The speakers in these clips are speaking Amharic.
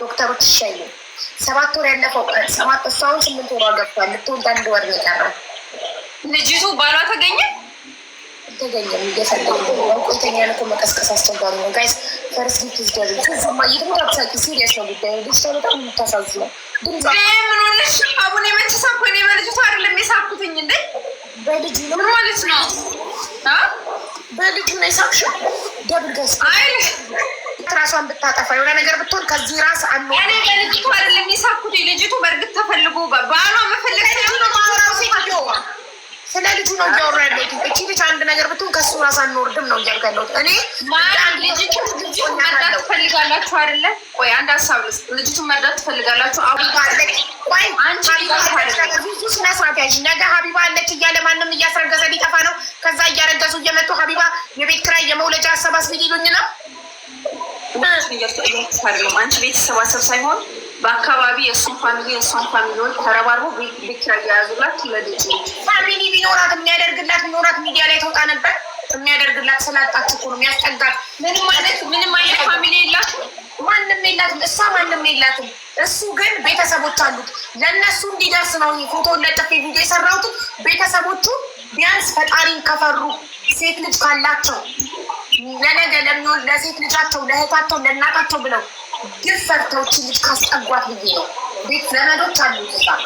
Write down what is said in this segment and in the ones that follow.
ዶክተሮች ይሻዩ ሰባት ወር ያለፈው ሰባት እሷ ስምንት ወሯ ገብቷል። ልትወልድ አንድ ወር ነው የቀረው። ልጅቱ ባሏ ተገኘ አልተገኘም። እየፈለጉ ቁልተኛ ነው መቀስቀስ አስቸጋሪ ነው ጋይስ። ፈርስ ጊፍት ይዝጋዝ ማ የትም ታብሳቂ ሲሪየስ ነው ጉዳዩ። ልጅቷ በጣም የምታሳዝነው ምንሆነሽ አቡን የመች ሳኮ እኔ በልጅቷ አይደለም የሳኩትኝ እንዴ በልጁ ነው ማለት ነው። በልጁ ነው የሳቅሽው ደብል አይ ራሷን ብታጠፋ የሆነ ነገር ብትሆን ከዚህ ራስ አለ። እኔ በልጅቱ አይደል የሚሳኩት የልጅቱ በእርግጥ ተፈልጎ ባሏ መፈለግ ስለ ልጁ ነው እያወራ ያለሁት። እቺ ልጅ አንድ ነገር ብትሆን ከሱ ራስ አንወርድም ነው እያልኩ ያለሁት እኔ። ልጅቱ መርዳት ትፈልጋላችሁ አይደለ? ቆይ አንድ ሀሳብ ልስ ልጅቱን መርዳት ትፈልጋላችሁ። ስነ ስርዓት ያዥ። ነገ ሀቢባ አለች እያለ ማንም እያስረገዘ ሊጠፋ ነው። ከዛ እያረገዙ እየመጡ ሀቢባ የቤት ኪራይ የመውለጃ አሰባስቢ ሊሉኝ ነው አይደለም አንቺ ቤተሰባሰብ ሳይሆን በአካባቢ የእሱን ፋሚሊ የእሷን ፋሚሊዎች ተረባርቦ ቤት ላይ የያዙላት ፋሚሊ ቢኖራት የሚያደርግላት ቢኖራት ሚዲያ ላይ ተወጣ ነበር። የሚያደርግላት ስላጣች እኮ ነው የሚያስጠጋል። ምንም አይነት ፋሚሊ የላትም፣ ማንም የላትም፣ እሷ ማንም የላትም። እሱ ግን ቤተሰቦች አሉት። ለእነሱ እንዲደርስ ነው ፎቶ ለጥፌ ቪዲዮ የሰራሁትን ቤተሰቦቹ ቢያንስ ፈጣሪን ከፈሩ ሴት ልጅ ካላቸው ለነገ ለሚሆን ለሴት ልጃቸው ለእህታቸው ለእናታቸው ብለው ግፍ ፈርተው እችን ልጅ ካስጠጓት ብዬ ነው። ቤት ዘመዶች አሉ ዛ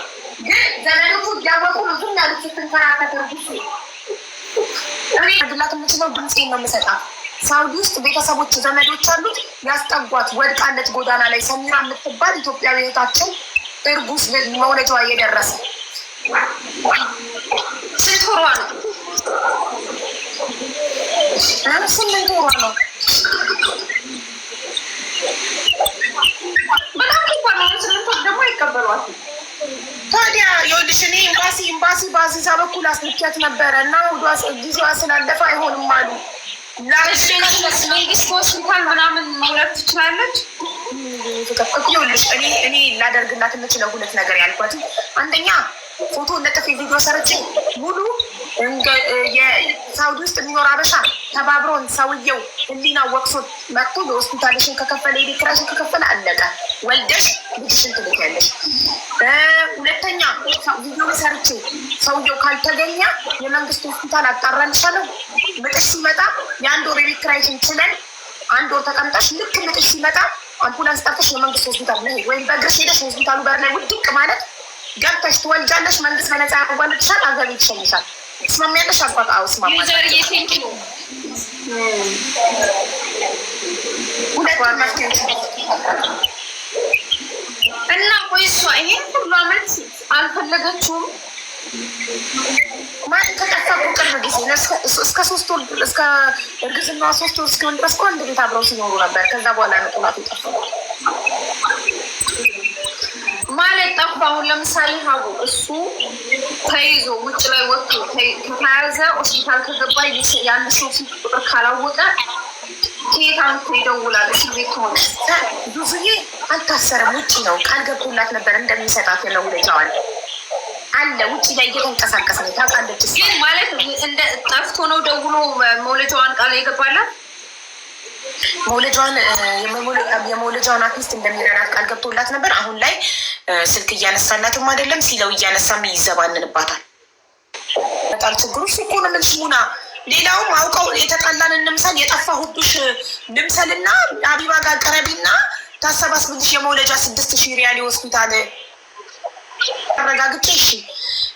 ግን ዘመዶቹ እያወቁ ብዙም ያሉት ትንከራከተ ርጉሱ ግላት የምችለው ድምፄን ነው የምሰጣት። ሳውዲ ውስጥ ቤተሰቦች ዘመዶች አሉት ያስጠጓት ወድቃለት ጎዳና ላይ ሰሚራ የምትባል ኢትዮጵያዊ እህታችን እርጉዝ መውለጃዋ እየደረሰ ስንት ነው ስምንት ወሯ ነው። ታዲያ ይኸውልሽ እኔ ኤምባሲ ኤምባሲ በአዚዛ በኩል አስልቻት ነበረ እና ጊዜዋ ስላለፈ አይሆንም አሉ። ሜንግስት ሆስፒታል ምናምን መውለድ ትችላለች። ይኸውልሽ እኔ እኔ ላደርግላት የምችለው ሁለት ነገር ያልኳት አንደኛ ፎቶ ለጥፍ የቪዲዮ ሰርጭ ሙሉ የሳውዲ ውስጥ የሚኖር አበሻ ተባብሮን ሰውየው ህሊና ወቅሶ መጥቶ የሆስፒታልሽን ከከፈለ የቤት ኪራይሽን ከከፈለ አለቀ። ወልደሽ ልጅሽን ትልኪያለሽ። ሁለተኛ ቪዲዮ ሰርቼ ሰውየው ካልተገኘ የመንግስት ሆስፒታል አጣራልሻለሁ። ምጥሽ ሲመጣ የአንድ ወር የቤት ኪራይሽን ችለን አንድ ወር ተቀምጠሽ ልክ ምጥሽ ሲመጣ አምቡላንስ ጠርተሽ የመንግስት ሆስፒታል መሄድ ወይም በእግርሽ ሄደሽ ሆስፒታሉ በር ላይ ውድቅ ማለት ገብተሽ ትወልጃለሽ። መንግስት በነፃ ያቋቋምልሻል። አገር ይሸኝሻል። ስማሚያለሽ? አቋጣ ስማ እና ቆይ እሷ ይሄን ሁሉ አመት አልፈለገችውም። ማን ከጠፋቁ ቅርብ ጊዜ እስከ ሶስት ወር እስከ እርግዝና ሶስት ወር እስኪሆን ድረስ እኮ አንድ ቤት አብረው ሲኖሩ ነበር። ከዛ በኋላ ነው ጥላቱ ጠፋ። ጠፋ። አሁን ለምሳሌ ሀቡ እሱ ተይዞ ውጭ ላይ ወጥቶ ከተያዘ ሆስፒታል ከገባ ያን ሰው ስልክ ቁጥር ካላወቀ ከየት አምጥቶ ይደውላል? እስር ቤት ሆነ ብዙዬ አልታሰረም፣ ውጭ ነው። ቃል ገብቶላት ነበር እንደሚሰጣት የመውለጃዋል አለ ውጭ ላይ እየተንቀሳቀስ ነው። ታውቃለች ግን ማለት እንደ ጠፍቶ ነው ደውሎ መውለጃዋን ቃል የገባላት መውለጃዋን የመውለጃውን አርቲስት እንደሚረዳት ቃል ገብቶላት ነበር። አሁን ላይ ስልክ እያነሳላትም አይደለም ሲለው እያነሳም ይዘባንንባታል። በጣም ችግሩ እኮ ነው። ምን ስሙና ሌላውም አውቀው የተጣላን እንምሰል የጠፋሁብሽ ልምሰልና አቢባ ጋር ቀረቢና ታሰባስብልሽ የመውለጃ ስድስት ሺህ ሪያል የሆስፒታል አረጋግጬ እሺ።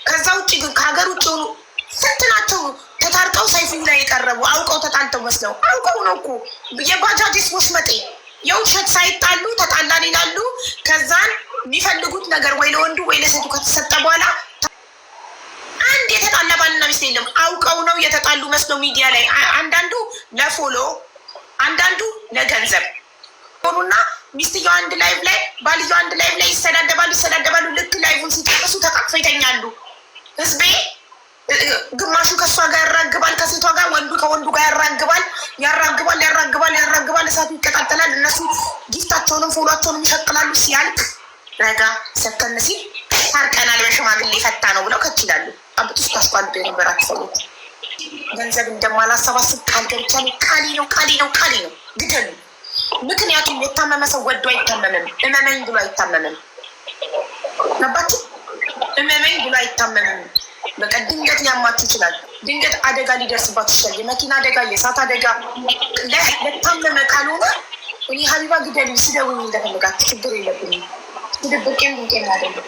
ከዛ ውጭ ግን ከሀገር ውጭ ሆኑ ስንት ናቸው? ተታርቀው ሰይፉ ላይ የቀረቡ አውቀው ተጣልተው መስለው አውቀው ነው እኮ የባጃጅስ ወሽመጤ የውሸት ሳይጣሉ ተጣላን ይላሉ። ከዛን የሚፈልጉት ነገር ወይ ለወንዱ ወይ ለሴቱ ከተሰጠ በኋላ አንድ የተጣላ ባልና ሚስት የለም። አውቀው ነው የተጣሉ መስለው ሚዲያ ላይ አንዳንዱ ለፎሎ አንዳንዱ ለገንዘብ ሆኑና ሚስትየው አንድ ላይቭ ላይ ባልየው አንድ ላይቭ ላይ ይሰዳደባሉ ይሰዳደባሉ። ልክ ላይቭን ሲጨርሱ ተቃቅፈው ይተኛሉ። ህዝቤ ግማሹ ከእሷ ጋር ያራግባል፣ ከሴቷ ጋር ወንዱ ከወንዱ ጋር ያራግባል፣ ያራግባል፣ ያራግባል፣ ያራግባል። እሳቱ ይቀጣጠላል። እነሱ ጊፍታቸውንም ፎሏቸውንም ይሸቅላሉ። ሲያልቅ ረጋ ሰተን ሲል ታርቀናል፣ በሽማግሌ ፈታ ነው ብለው ከች ይላሉ። አብጡ ውስጥ የነበራት ሰዎች ገንዘብ እንደማላሰባስብ ቃል ገብቻለሁ። ቃሌ ነው፣ ቃሌ ነው፣ ቃሌ ነው። ግደሉ። ምክንያቱም የታመመ ሰው ወዶ አይታመምም፣ እመመኝ ብሎ አይታመምም። ነባችሁ እመመኝ ብሎ አይታመምም። በቃ ድንገት ሊያማችሁ ይችላል። ድንገት አደጋ ሊደርስባችሁ ይችላል። የመኪና አደጋ፣ የእሳት አደጋ ለታመመ ካልሆነ እኔ ሀቢባ ግደሉ ስደውኝ እንደፈልጋት ችግር የለብኝም። ድብቄም ድንቄ አደለም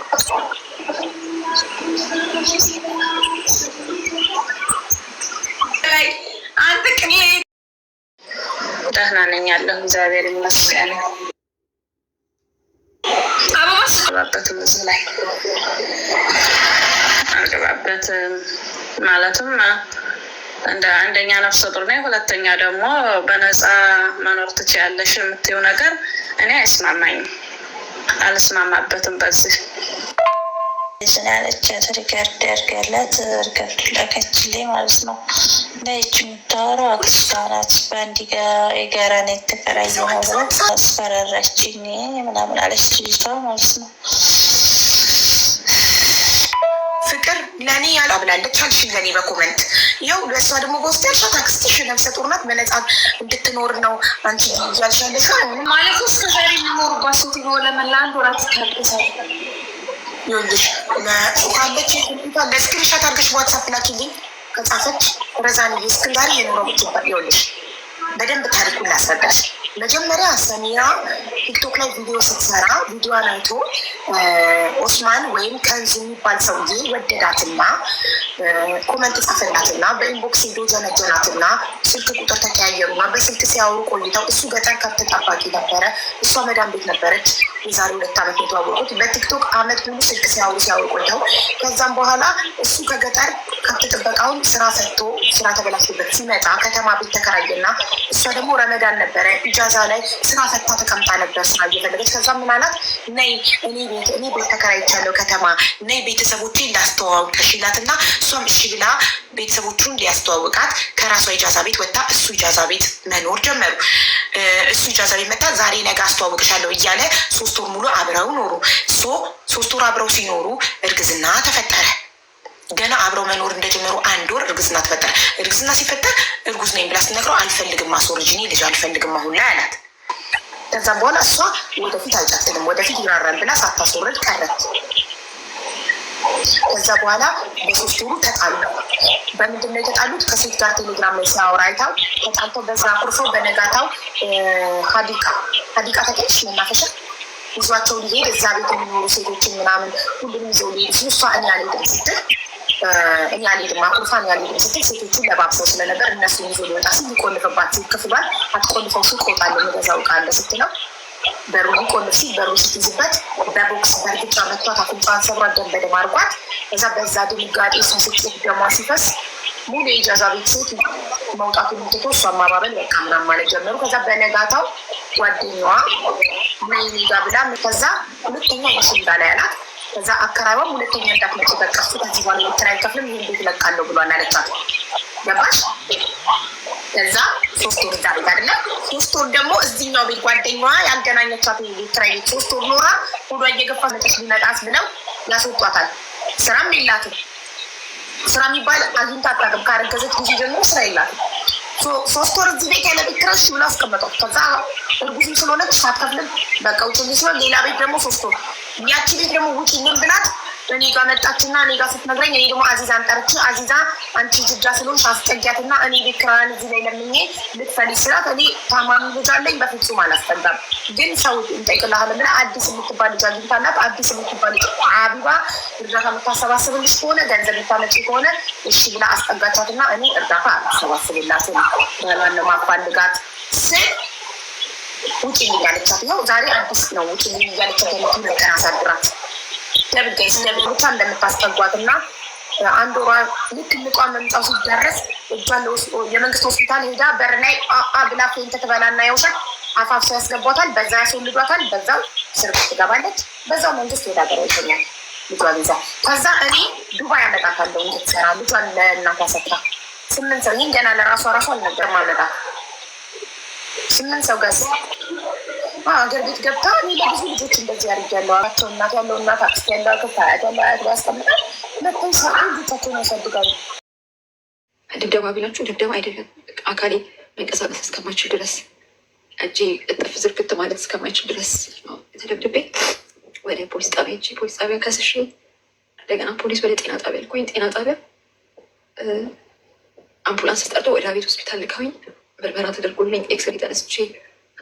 ደህና ነኝ ያለሁ እግዚአብሔር ይመስገን። አልገባበትም እዚህ ላይ አልገባበትም። ማለትም እንደ አንደኛ ነፍሰ ጡር ነኝ፣ ሁለተኛ ደግሞ በነፃ መኖር ትችያለሽ የምትይው ነገር እኔ አይስማማኝም፣ አልስማማበትም በዚህ ስላለቻት ሪከርድ ያርገላት ሪከርድ ላከችልኝ ማለት ነው። ነች የምታወራው አክስቷ ናት። በአንድ የጋራ ነው የተከራየው አብረን። አስፈራራችኝ ምናምን አለች ልጅቷ ማለት ነው። ፍቅር ለእኔ ያለ ብላለች አልሽኝ፣ ለእኔ በኮመንት ያው ለእሷ ደግሞ በውስጥ ያልሻት አክስትሽ ነፍሰ ጡር ናት፣ በነፃ እንድትኖር ነው አንቺ ያልሻለች ማለት ውስጥ ከዛሬ የሚኖሩባት ሴት ሆ ለመላ አንድ ወራት ከርቅሳል ይኸውልሽ፣ ለጽፋለች ለስክሪንሻት አድርገሽ ዋትሳፕ ላኪልኝ ከጻፈች ረዛን እስክን ዛሬ የኑሮ ምትባል ይኸውልሽ፣ በደንብ ታሪኩን ላስረዳሽ። መጀመሪያ ሰሚራ ቲክቶክ ላይ ቪዲዮ ስትሰራ ቪዲዮን አይቶ ኦስማን ወይም ከንዝ የሚባል ሰውዬ ወደዳትና ኮመንት ጻፈላትና በኢንቦክስ ሄዶ ዘነጀናትና ስልክ ቁጥር ተቀያየሩና በስልክ ሲያወሩ ቆይተው እሱ ገጠር ከብት ጠባቂ ነበረ፣ እሷ መዳም ቤት ነበረች። የዛሬ ሁለት ዓመት የተዋወቁት በቲክቶክ አመት ሙሉ ስልክ ሲያወሩ ሲያወሩ ቆይተው ከዛም በኋላ እሱ ከገጠር ከብት ጥበቃውን ስራ ሰጥቶ ስራ ተበላሽበት ሲመጣ ከተማ ቤት ተከራየና እሷ ደግሞ ረመዳን ነበረ ኢጃዛ ላይ ስራ ፈታ ተቀምጣ ነበር ስራ እየፈለገች። ከዛ ምናላት ነይ እኔ ቤት እኔ ቤት ተከራይቻለሁ ከተማ ነይ ቤተሰቦቼ ላስተዋውቅሽ ይላት እና እሷም እሺ ብላ ቤተሰቦቹን ሊያስተዋውቃት ከራሷ ኢጃዛ ቤት ወጣ እሱ ኢጃዛ ቤት መኖር ጀመሩ። እሱ ኢጃዛ ቤት መጣ ዛሬ ነገ አስተዋውቅሻለሁ እያለ ሶስት ሶስት ወር ሙሉ አብረው ኖሩ። ሶ ሶስት ወር አብረው ሲኖሩ እርግዝና ተፈጠረ። ገና አብረው መኖር እንደጀመሩ አንድ ወር እርግዝና ተፈጠረ። እርግዝና ሲፈጠር እርጉዝ ነኝ ብላ ስትነግረው አልፈልግም፣ አስወርጅኝ ልጅ አልፈልግም አሁን ላይ አላት። ከዛም በኋላ እሷ ወደፊት አይጨትልም ወደፊት ይራራል ብላ ሳታስወርድ ቀረት። ከዛ በኋላ በሶስት ወሩ ተጣሉ። በምንድን ነው የተጣሉት? ከሴት ጋር ቴሌግራም ላይ ሲያወራ አይታው ተጣልተው በዛ ቁርፎ በነጋታው ሀዲቃ ሀዲቃ ተቀሽ መናፈሻ ይዟቸው ሊሄድ እዛ ቤት የሚኖሩ ሴቶችን ምናምን ሁሉም ይዘው ሊሄድ ሲሉ እሷ እኔ አልሄድም ስትል እኔ አልሄድም አኩርፋ እኔ አልሄድም ስትል ሴቶቹን ለባብሰው ስለነበር እነሱ ይዞ ሊወጣ ሲል ሊቆልፍባት ክፍሏል አትቆልፈው ሱቅ እወጣለሁ የምገዛው ዕቃ አለ ስትለው በሩ ሊቆልፍ ሲል በሩ ስትይዝበት በቦክስ በእርግጫ መቷት አፍንጫዋን ሰብሯት ደም በደም አድርጓት እዛ በዛ ድንጋጤ እሱ ስጭት ደሟ ሲፈስ ሙሉ የኢጃዛ ቤተሰቦች መውጣቱ ምትቶ እሷ አማባበል በቃ ምናምን ማለት ጀመሩ። ከዛ በነጋታው ጓደኛዋ ነይኔ ብላ ከዛ ሁለተኛ የሽንዳ ላይ አላት። ከዛ አከራይዋም ሁለተኛ እንዳትመጪ በቃ እሱ ከዚህ በኋላ የኪራይ አይከፍልም ይህን ቤት እለቃለሁ ብሏል አለቻት። ገባሽ? ከዛ ሶስት ወር ዛ ቤት አይደለ ሶስት ወር ደግሞ እዚኛው ቤት ጓደኛዋ ያገናኘቻት የኪራይ ቤት ሶስት ወር ኖራ ሆዷ እየገፋ መጠሽ ሊመጣት ብለው ያስወጧታል። ስራም የላትም ስራ የሚባል አግኝታ አታውቅም። ካረገዘች ጊዜ ጀምሮ ስራ የላትም። ሶስት ወር እዚህ ቤት ያለ ቤት ክራይሽ ብላ አስቀመጧት። ከዛ እርጉዝም ስለሆነች ሳትከፍልም በቃ ውጭ ሲሆን ሌላ ቤት ደግሞ ሶስት ወር ያቺ ቤት ደግሞ ውጭ ምን ብላት እኔ ጋር መጣችና እኔ ጋር ስትነግረኝ እኔ ደግሞ አዚዛ አንቺ ስለሆንሽ አስጠጊያትና እኔ እዚህ ላይ ለምኜ ልትፈልጊ ስላት እኔ ታማሚ ልጅ አለኝ በፍጹም አላስጠጋም፣ ግን ሰው አዲስ የምትባል ልጅ አዲስ የምትባል ልጅ አቢባ እርዳታ የምታሰባስብልሽ ከሆነ ገንዘብ የምታመጪ ከሆነ እሺ ብላ አስጠጋቻትና እኔ እርዳታ አላሰባስብላትም ባሏን ለማፋልጋት ስል ውጭ ልኝ አለቻት። ዛሬ አዲስ ነው ውጭ ልኝ እያለቻት የምትመጠን አሳድራት ለብቻ ስለብቻ ብቻ እንደምታስጠጓት እና አንድ ወሯ ልክ ንቋ መምጫው ሲደረስ እጇን የመንግስት ሆስፒታል ሄዳ በር ላይ አብላ ፌን ተትበላና የውሸት አፋፍ ሰው ያስገቧታል። በዛ ያስወልዷታል። በዛው እስር ቤት ትገባለች። በዛው መንግስት ወደ ሀገር ይተኛል ልጇን ይዛ። ከዛ እኔ ዱባይ አመጣታለሁ እንድትሰራ ልጇን ለእናቷ ሰጥታ ስምንት ሰው ይህን ገና ለራሷ ራሷ አልነገርም አመጣት ስምንት ሰው ገዛ ሀገር ቤት ገብታ እኔ ለብዙ ልጆች እንደዚህ አድርጊያለሁ። አራቸው እናት ያለው እናት አክስት ያለው ክፍት አያት ያለው አያት ያስቀምጣል። መተው ሰ ልጆቻቸውን ያሳድጋሉ። ድብደባ ቢላችሁ ድብደባ አይደለም። አካሌ መንቀሳቀስ እስከማይችል ድረስ እጄ እጥፍ ዝርክት ማለት እስከማይችል ድረስ ተደብድቤ ወደ ፖሊስ ጣቢያ ሄጄ ፖሊስ ጣቢያ ከስሽ እንደገና ፖሊስ ወደ ጤና ጣቢያ ልኮኝ ጤና ጣቢያ አምቡላንስ ተጠርቶ ወደ ቤት ሆስፒታል ልካኝ ምርመራ ተደርጎልኝ ኤክስሬ ተነስቼ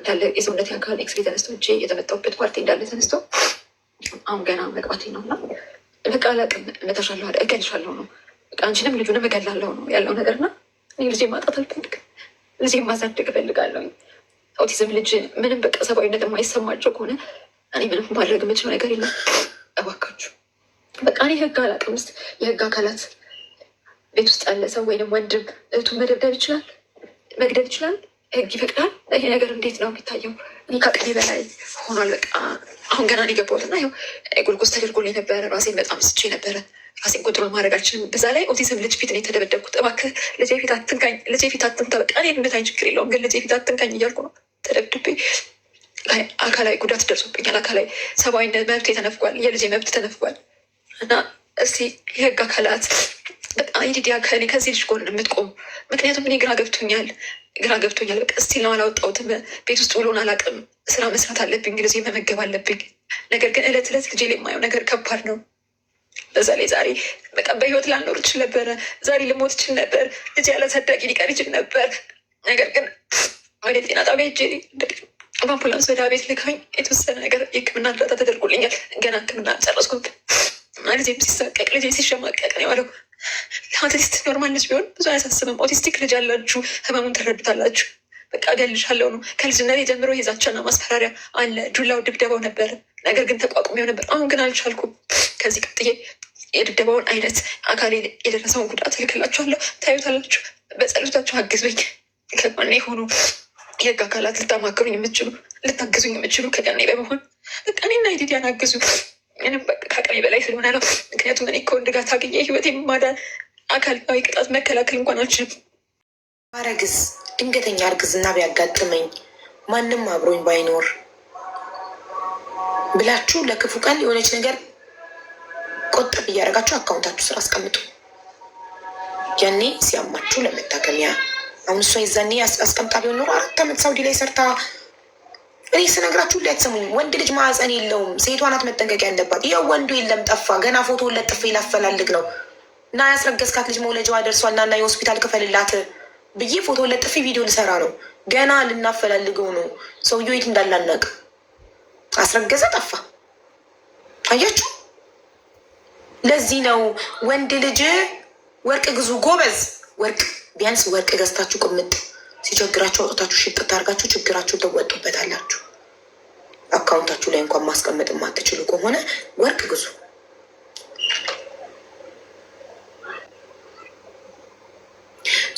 እንዳለ የሰውነት አካል ኤክስሬ ተነስቶ እጄ የተመጣውበት ፓርቲ እንዳለ ተነስቶ አሁን ገና መግባቴ ነው እና በቃ አላቅም እመታሻለሁ አይደል እገልሻለሁ ነው በቃ አንቺንም ልጁንም እገላለሁ ነው ያለው ነገር እና እኔ ልጄ ማጣት አልፈልግም። ልጄ ማሳደግ እፈልጋለሁ። አውቲዝም ልጅ ምንም በቃ ሰብአዊነት የማይሰማቸው ከሆነ እኔ ምንም ማድረግ የምችለው ነገር የለም። እባካችሁ በቃ እኔ ህግ አላቅም። ስ የህግ አካላት ቤት ውስጥ ያለ ሰው ወይንም ወንድም እህቱን መደብደብ ይችላል፣ መግደብ ይችላል። ህግ ይፈቅዳል። ይሄ ነገር እንዴት ነው የሚታየው? ከቅሌ በላይ ሆኗል። በቃ አሁን ገና ነው የገባሁት እና ያው ጉልኮስ ተደርጎልኝ ነበረ። ራሴን በጣም ስቼ ነበረ። ራሴን ኮንትሮል ማድረጋችንም በዛ ላይ ኦቲዝም ልጅ ፊት ነው የተደበደብኩት። እባክህ ልጅ ፊት አትንካኝ፣ ልጄ ፊት አትምታ። በቃ እኔ ድንታኝ ችግር የለውም ግን ልጅ ፊት አትንካኝ እያልኩ ነው ተደብድቤ አካላዊ ጉዳት ደርሶብኛል። አካላዊ ሰብአዊነት መብት ተነፍጓል። የልጅ መብት ተነፍጓል እና እስቲ የህግ አካላት በቃ ይዲዲያ ከእኔ ከዚህ ልጅ ጎን የምትቆም ምክንያቱም እኔ ግራ ገብቶኛል፣ ግራ ገብቶኛል። በቃ እስቲል ነው አላወጣሁትም። ቤት ውስጥ ውሎን አላውቅም። ስራ መስራት አለብኝ፣ ጊዜ መመገብ አለብኝ። ነገር ግን እለት እለት ልጄ የማየው ነገር ከባድ ነው። በዛ ላይ ዛሬ በቃ በህይወት ላልኖር እችል ነበረ። ዛሬ ልሞት እችል ነበር። ልጄ ያላሳዳጊ ሊቀር ይችል ነበር። ነገር ግን ወደ ጤና ጣቢያ ሄጄ በአምቡላንስ ወደ ቤት ልካኝ የተወሰነ ነገር የህክምና እርዳታ ተደርጎልኛል። ገና ህክምና አልጨረስኩም። ልጄም ሲሳቀቅ ልጄ ሲሸማቀቅ ነው ያለው ለአውቲስት ኖርማል ልጅ ቢሆን ብዙ አያሳስብም። ኦቲስቲክ ልጅ ያላችሁ ህመሙን ትረዱታላችሁ። በቃ እገልሻለሁ ነው። ከልጅነት ጀምሮ የዛቻና ማስፈራሪያ አለ። ዱላው ድብደባው ነበር፣ ነገር ግን ተቋቁሜው ነበር። አሁን ግን አልቻልኩም። ከዚህ ቀጥዬ የድብደባውን አይነት አካል የደረሰውን ጉዳት እልክላችኋለሁ፣ ታዩታላችሁ። በጸሎታችሁ አግዙኝ። ከጎኔ የሆኑ የህግ አካላት ልታማክሩኝ የምችሉ ልታግዙኝ የምችሉ ከቀኔ በመሆን በቃ እኔና ዲዲያን ምንም ከአቅሜ በላይ ስለሆነ ነው። ምክንያቱም እኔ ከወንድ ጋር ታገኘ ህይወት የማዳን አካላዊ ቅጣት መከላከል እንኳን አልችልም። አረግዝ ድንገተኛ እርግዝና ቢያጋጥመኝ ማንም አብሮኝ ባይኖር ብላችሁ ለክፉ ቀን የሆነች ነገር ቆጠብ እያደረጋችሁ አካውንታችሁ ስራ አስቀምጡ። ያኔ ሲያማችሁ ለመታከሚያ። አሁን እሷ ይዛኔ አስቀምጣ ቢሆን ኖሮ አራት ዓመት ሳውዲ ላይ ሰርታ እኔ ስነግራችሁ ሁሌ ወንድ ልጅ ማዕፀን የለውም፣ ሴቷ ናት መጠንቀቅ ያለባት። ይኸው ወንዱ የለም ጠፋ። ገና ፎቶ ለጥፍ ላፈላልግ ነው እና ያስረገዝካት ልጅ መውለጃዋ ደርሷል እና የሆስፒታል ክፈልላት ብዬ ፎቶ ለጥፍ ቪዲዮ ልሰራ ነው። ገና ልናፈላልገው ነው። ሰው የት እንዳላናቅ አስረገዘ፣ ጠፋ። አያችሁ፣ ለዚህ ነው ወንድ ልጅ ወርቅ ግዙ ጎበዝ፣ ወርቅ ቢያንስ ወርቅ ገዝታችሁ ቅምጥ ሲቸግራቸው አውጥታችሁ ሽጥጥ አድርጋችሁ ችግራችሁን ትወጡበታላችሁ። አካውንታችሁ ላይ እንኳን ማስቀመጥ የማትችሉ ከሆነ ወርቅ ግዙ።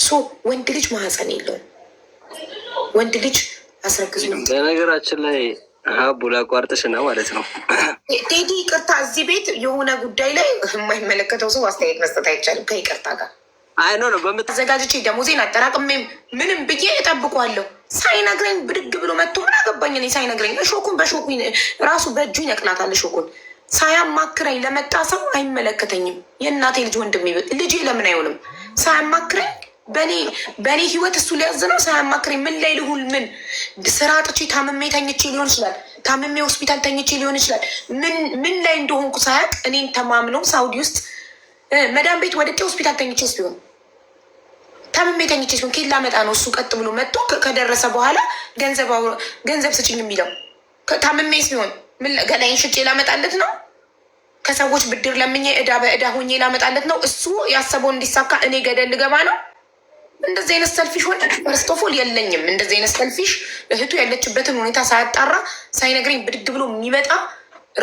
ሶ ወንድ ልጅ ማህፀን የለውም። ወንድ ልጅ አስረግዙ። በነገራችን ላይ ቡላ ቋርጥሽ ነው ማለት ነው። ቴዲ ይቅርታ፣ እዚህ ቤት የሆነ ጉዳይ ላይ የማይመለከተው ሰው አስተያየት መስጠት አይቻልም ከይቅርታ ጋር አይ ኖ ነው በምትዘጋጅቼ ደሞዜን አጠራቅሜ ምንም ብዬ እጠብቋለሁ። ሳይነግረኝ ብድግ ብሎ መጥቶ ምን አገባኝ እኔ ሳይነግረኝ፣ እሾኩን በሾኩኝ ራሱ በእጁ ይነቅላታል። እሾኩን ሳያማክረኝ ለመጣ ሰው አይመለከተኝም። የእናቴ ልጅ ወንድሜ ልጄ ለምን አይሆንም? ሳያማክረኝ በእኔ በእኔ ህይወት እሱ ነው። ሳያማክረኝ ምን ላይ ልሁን? ምን ስራ አጥቼ ታምሜ ተኝቼ ሊሆን ይችላል። ታምሜ ሆስፒታል ተኝቼ ሊሆን ይችላል። ምን ላይ እንደሆንኩ ሳያቅ እኔን ተማምነው ሳውዲ ውስጥ መዳን ቤት ወድቄ ሆስፒታል ተኝቼ ቢሆን ታምሜ ተኝቼ ሲሆን ኬላ መጣ ነው እሱ ቀጥ ብሎ መጥቶ ከደረሰ በኋላ ገንዘብ ስጭኝ የሚለው ታምሜ ሲሆን ገላይን ሽጬ ላመጣለት ነው። ከሰዎች ብድር ለምኜ እዳ በእዳ ሆኜ ላመጣለት ነው። እሱ ያሰበው እንዲሳካ እኔ ገደል ልገባ ነው። እንደዚህ አይነት ሰልፊሽ ወንድ ፈርስቶፎል የለኝም። እንደዚህ አይነት ሰልፊሽ እህቱ ያለችበትን ሁኔታ ሳያጣራ ሳይነግረኝ ብድግ ብሎ የሚመጣ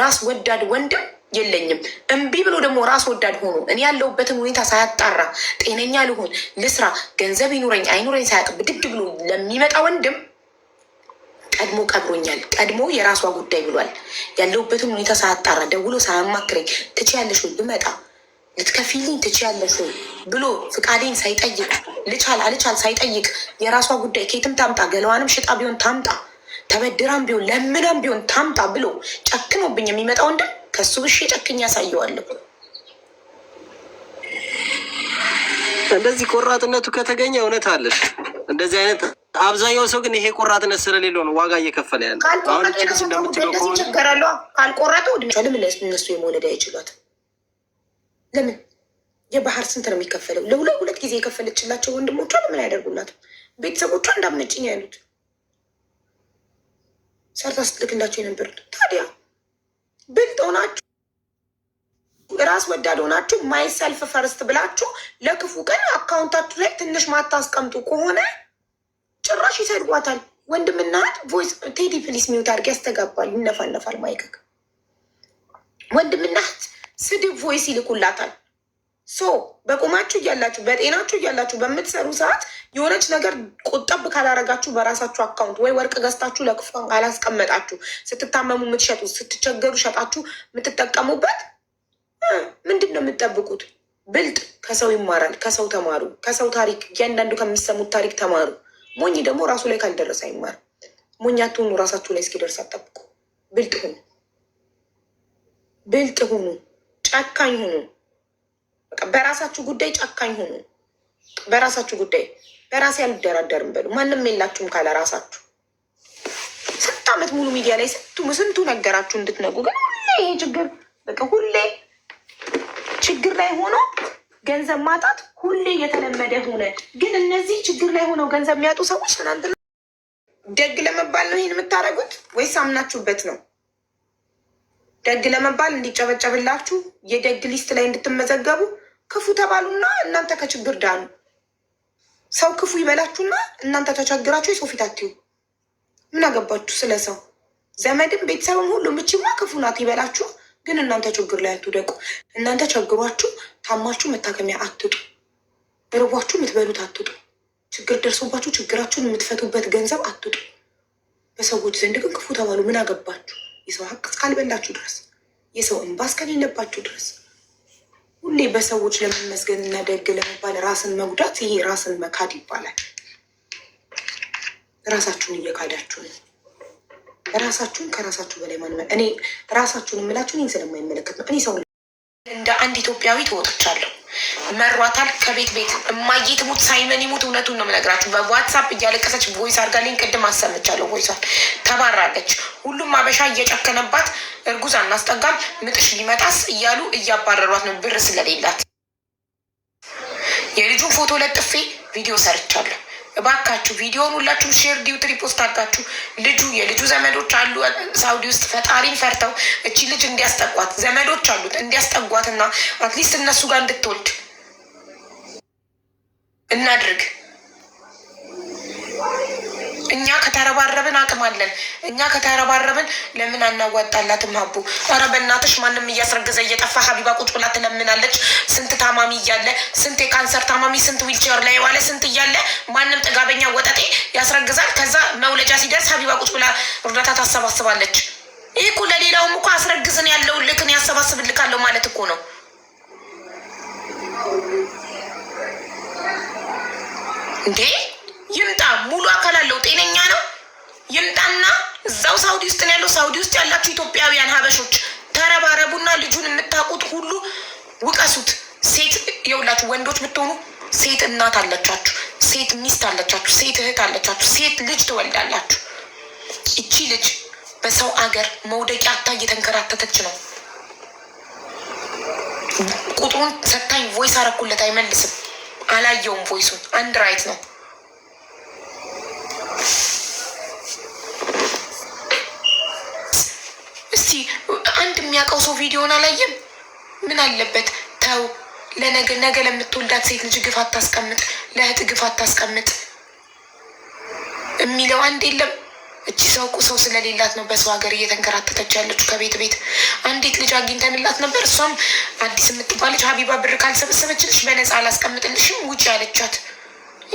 ራስ ወዳድ ወንድም የለኝም። እምቢ ብሎ ደግሞ ራስ ወዳድ ሆኖ እኔ ያለሁበትን ሁኔታ ሳያጣራ ጤነኛ ልሆን ልስራ፣ ገንዘብ ይኑረኝ አይኑረኝ ሳያቅ ብድግ ብሎ ለሚመጣ ወንድም ቀድሞ ቀብሮኛል፣ ቀድሞ የራሷ ጉዳይ ብሏል። ያለሁበትን ሁኔታ ሳያጣራ ደውሎ ሳያማክረኝ ትችያለሽ ወይ ብመጣ ልትከፊልኝ ትችያለሽ ወይ ብሎ ፍቃዴን ሳይጠይቅ ልቻል አልቻል ሳይጠይቅ የራሷ ጉዳይ ኬትም ታምጣ ገለዋንም ሽጣ ቢሆን ታምጣ ተበድራም ቢሆን ለምናም ቢሆን ታምጣ ብሎ ጨክኖብኝ የሚመጣው እንደ ከሱ ብሽ ጨክኝ ያሳየዋለሁ። እንደዚህ ቆራጥነቱ ከተገኘ እውነት አለሽ። እንደዚህ አይነት አብዛኛው ሰው ግን ይሄ ቆራጥነት ስለሌለው ነው ዋጋ እየከፈለ ያለ። ካልቆረጠ እድሜም እነሱ የመውለድ ለምን የባህር ስንት ነው የሚከፈለው? ለሁለት ሁለት ጊዜ የከፈለችላቸው ወንድሞቿ ለምን አያደርጉላትም? ቤተሰቦቿ እንዳትመጭኝ ያሉት ሰርታስ ልክላቸው የነበሩት ታዲያ ብልጥ ሆናችሁ ራስ ወዳድ ሆናችሁ ማይሰልፍ ፈርስት ብላችሁ ለክፉ ቀን አካውንታችሁ ላይ ትንሽ ማታስቀምጡ ከሆነ ጭራሽ ይሰድቧታል። ወንድምና እህት ቮይስ ቴዲ ፕሊስ ሚውት አድርግ ያስተጋባል፣ ይነፋነፋል ማይከክ ወንድምና እህት ስድብ ቮይስ ይልኩላታል። ሶ በቁማችሁ እያላችሁ በጤናችሁ እያላችሁ በምትሰሩ ሰዓት የሆነች ነገር ቁጠብ ካላረጋችሁ በራሳችሁ አካውንት ወይ ወርቅ ገዝታችሁ ለክፋ ካላስቀመጣችሁ ስትታመሙ የምትሸጡ ስትቸገሩ ሸጣችሁ የምትጠቀሙበት ምንድን ነው የምትጠብቁት? ብልጥ ከሰው ይማራል። ከሰው ተማሩ። ከሰው ታሪክ፣ እያንዳንዱ ከምሰሙት ታሪክ ተማሩ። ሞኝ ደግሞ ራሱ ላይ ካልደረሰ አይማር። ሞኛትሁኑ ራሳችሁ ላይ እስኪደርስ አጠብቁ። ብልጥ ሁኑ። ብልጥ ሁኑ። ጨካኝ ሁኑ። በራሳችሁ ጉዳይ ጨካኝ ሆኑ። በራሳችሁ ጉዳይ በራሴ አልደራደርም በሉ። ማንም የላችሁም ካለ ራሳችሁ። ስንት አመት ሙሉ ሚዲያ ላይ ስንቱ ነገራችሁ እንድትነጉ፣ ግን ሁሌ ይሄ ችግር በቃ ሁሌ ችግር ላይ ሆኖ ገንዘብ ማጣት ሁሌ የተለመደ ሆነ። ግን እነዚህ ችግር ላይ ሆነው ገንዘብ የሚያጡ ሰዎች ትናንትና ደግ ለመባል ነው ይሄን የምታደርጉት ወይስ አምናችሁበት ነው? ደግ ለመባል እንዲጨበጨብላችሁ የደግ ሊስት ላይ እንድትመዘገቡ ክፉ ተባሉና እናንተ ከችግር ዳኑ። ሰው ክፉ ይበላችሁና እናንተ ተቸግራችሁ የሰው ፊት አትዩ። ምን አገባችሁ ስለ ሰው? ዘመድም ቤተሰብም ሁሉ ምችማ ክፉ ናት ይበላችሁ፣ ግን እናንተ ችግር ላይ አትውደቁ። እናንተ ቸግሯችሁ ታማችሁ መታከሚያ አትጡ፣ ርቧችሁ የምትበሉት አትጡ፣ ችግር ደርሶባችሁ ችግራችሁን የምትፈቱበት ገንዘብ አትጡ። በሰዎች ዘንድ ግን ክፉ ተባሉ። ምን አገባችሁ? የሰው ሀቅ እስካልበላችሁ ድረስ፣ የሰው እንባ እስከሌለባችሁ ድረስ ሁሌ በሰዎች ለመመስገን እና ደግ ለመባል ራስን መጉዳት፣ ይሄ ራስን መካድ ይባላል። ራሳችሁን እየካዳችሁ ነው። ራሳችሁን ከራሳችሁ በላይ ማንመ እኔ ራሳችሁን የምላችሁን እኔን ስለማይመለከት ነው። እኔ ሰው እንደ አንድ ኢትዮጵያዊ ትወጥቻለሁ። መሯታል። ከቤት ቤት እማዬ ትሙት ሳይመን ይሙት፣ እውነቱን ነው የምነግራት። በዋትሳፕ እያለቀሰች ቮይስ አድርጋልኝ፣ ቅድም አሰምቻለሁ ቮይሷን። ተባራለች። ሁሉም አበሻ እየጨከነባት፣ እርጉዝ አናስጠጋም፣ ምጥሽ ቢመጣስ እያሉ እያባረሯት ነው ብር ስለሌላት። የልጁን ፎቶ ለጥፌ ቪዲዮ ሰርቻለሁ። እባካችሁ ቪዲዮን ሁላችሁም ሼር ዲዩት ሪፖስት አርጋችሁ ልጁ የልጁ ዘመዶች አሉ ሳውዲ ውስጥ ፈጣሪን ፈርተው እቺ ልጅ እንዲያስጠቋት ዘመዶች አሉት እንዲያስጠጓትና አትሊስት እነሱ ጋር እንድትወልድ እናድርግ። እኛ ከተረባረብን አቅም አለን። እኛ ከተረባረብን ለምን አናዋጣላትም? ሀቡ ኧረ በእናትሽ ማንም እያስረገዘ እየጠፋ ሀቢባ ቁጭ ብላ ትለምናለች። ስንት ታማሚ እያለ ስንት የካንሰር ታማሚ ስንት ዊልቸር ላይ የዋለ ስንት እያለ ማንም ጥጋበኛ ወጠጤ ያስረግዛል። ከዛ መውለጃ ሲደርስ ሀቢባ ቁጭ ብላ እርዳታ ታሰባስባለች። ይህ እኮ ለሌላውም እኮ አስረግዝን ያለው ልክን ያሰባስብልካለሁ ማለት እኮ ነው። እንዴ እዛው ሳውዲ ውስጥ ነው ያለው። ሳውዲ ውስጥ ያላችሁ ኢትዮጵያውያን ሀበሾች ተረባረቡና ልጁን የምታውቁት ሁሉ ውቀሱት። ሴት የውላችሁ ወንዶች ብትሆኑ ሴት እናት አለቻችሁ፣ ሴት ሚስት አለቻችሁ፣ ሴት እህት አለቻችሁ፣ ሴት ልጅ ትወልዳላችሁ። እቺ ልጅ በሰው አገር መውደቂያ አታ እየተንከራተተች ነው። ቁጥሩን ሰታኝ ቮይስ አረኩለት፣ አይመልስም። አላየውም ቮይሱን አንድ ራይት ነው። እስቲ አንድ የሚያውቀው ሰው ቪዲዮን አላየም። ምን አለበት ተው። ለነገ ነገ ለምትወልዳት ሴት ልጅ ግፍ አታስቀምጥ፣ ለእህት ግፍ አታስቀምጥ የሚለው አንድ የለም። እቺ ሰው እኮ ሰው ስለሌላት ነው በሰው ሀገር እየተንከራተተች ያለች ከቤት ቤት። አንዲት ልጅ አግኝተንላት ነበር። እሷም አዲስ የምትባለች ሀቢባ ብር ካልሰበሰበችልሽ በነፃ አላስቀምጥልሽም ውጭ ያለቻት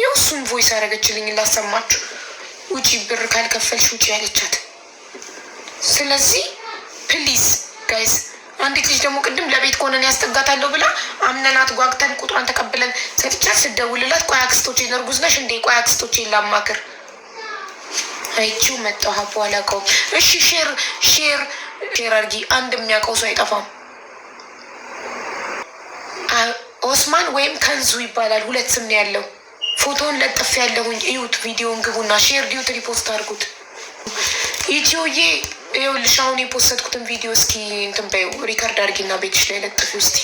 ያው እሱን ቮይስ ያደረገችልኝ ላሰማችሁ። ውጪ ብር ካልከፈልሽ ውጭ ያለቻት። ስለዚህ ፕሊዝ ጋይስ። አንዲት ልጅ ደግሞ ቅድም ለቤት ከሆነን ያስጠጋታለሁ ብላ አምነናት ጓግተን ቁጥሯን ተቀብለን ሰጥቻት ስደውልላት ቆይ አክስቶቼን እርጉዝ ነሽ እንዴ? ቆይ አክስቶቼን ላማክር አይቺው መጣሁ ሀቦ አላውቀውም። እሺ ሼር ሼር ሼር አድርጊ። አንድ የሚያውቀው ሰው አይጠፋም። ኦስማን ወይም ከንዙ ይባላል። ሁለት ስም ነው ያለው። ፎቶውን ለጥፍ ያለሁኝ እዩት። ቪዲዮን ግቡና ሼር ዲዩት ሪፖስት አድርጉት። ይቺውዬ ይኸውልሽ አሁን የፖሰትኩትን ቪዲዮ እስኪ እንትን በይው ሪከርድ አድርጊና ቤትሽ ላይ ለጥፊ ውስጥ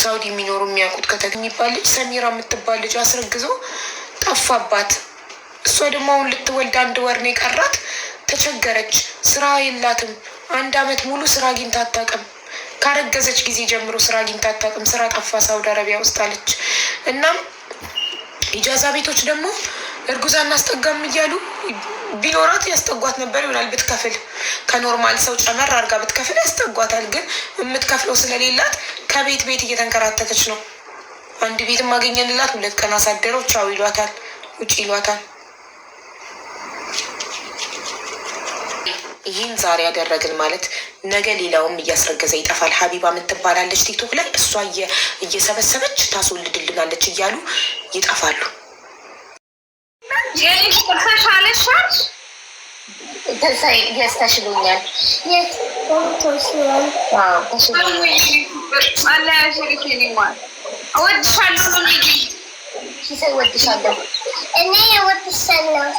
ሳውዲ የሚኖሩ የሚያውቁት ከተገኘ የሚባል ልጅ ሰሚራ የምትባል ልጅ አስረግዞ ጠፋባት። እሷ ደግሞ አሁን ልትወልድ አንድ ወር ነው የቀራት። ተቸገረች፣ ስራ የላትም። አንድ አመት ሙሉ ስራ አግኝታ አታውቅም። ካረገዘች ጊዜ ጀምሮ ስራ አግኝታ አታውቅም። ስራ ጠፋ ሳውዲ አረቢያ ውስጥ አለች። እናም ኢጃዛ ቤቶች ደግሞ እርጉዝ አናስጠጋም እያሉ ቢኖራት ያስጠጓት ነበር ይሆናል ብትከፍል ከኖርማል ሰው ጨመር አድርጋ ብትከፍል ያስጠጓታል። ግን የምትከፍለው ስለሌላት ከቤት ቤት እየተንከራተተች ነው። አንድ ቤት ማገኘንላት ሁለት ቀን አሳደረው ቻው ይሏታል፣ ውጭ ይሏታል። ይህን ዛሬ ያደረግን ማለት ነገ ሌላውም እያስረገዘ ይጠፋል። ሀቢባ የምትባላለች ቲክቶክ ላይ እሷ እየሰበሰበች ታስወልድልናለች እያሉ ይጠፋሉ። ተሽሎኛል። እኔ እወድሻለሁ።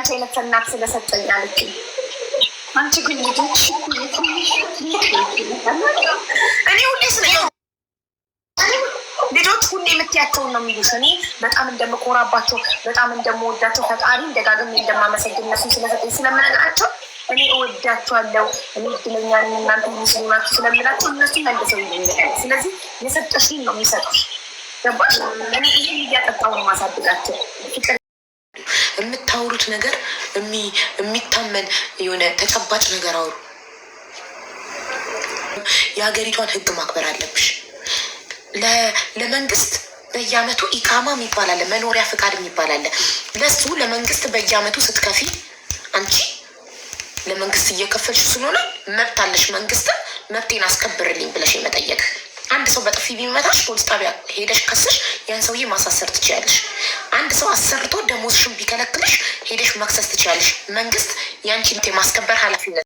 አንቺ አይነት እናት ስለሰጠኝ አለችኝ። አንቺ ግን ልጆች እኔ ሁሌ ስለ ልጆች ሁሌ የምትያቸውን ነው የሚሉሽ። እኔ በጣም እንደምኮራባቸው በጣም እንደምወዳቸው ፈጣሪ ደጋግሜ እንደማመሰግን እነሱ ስለሰጠኝ ስለምነግራቸው እኔ እወዳቸዋለሁ፣ እኔ እድለኛ ነኝ እናንተ ሙስሊማችሁ ስለምላቸው እነሱ መልሰው ይለኛል። ስለዚህ የሰጠሽኝ ነው የሚሰጡሽ። ገባሽ? እኔ ይህን እያጠጣውን ማሳድጋቸው የምታወሩት ነገር የሚታመን የሆነ ተጨባጭ ነገር አውሩ። የሀገሪቷን ህግ ማክበር አለብሽ። ለመንግስት በየአመቱ ኢቃማ የሚባል አለ፣ መኖሪያ ፍቃድ የሚባል አለ። ለሱ ለመንግስት በየአመቱ ስትከፊ አንቺ ለመንግስት እየከፈልሽ ስለሆነ መብት አለሽ። መንግስት መብቴን አስከብርልኝ ብለሽ የመጠየቅ አንድ ሰው በጥፊ ቢመታሽ ፖሊስ ጣቢያ ሄደሽ ከስሽ ያን ሰውዬ ማሳሰር ትችያለሽ። አንድ ሰው አሰርቶ ደሞዝሽን ቢከለክልሽ ሄደሽ መክሰስ ትችያለሽ። መንግስት ያንቺን የማስከበር ኃላፊነት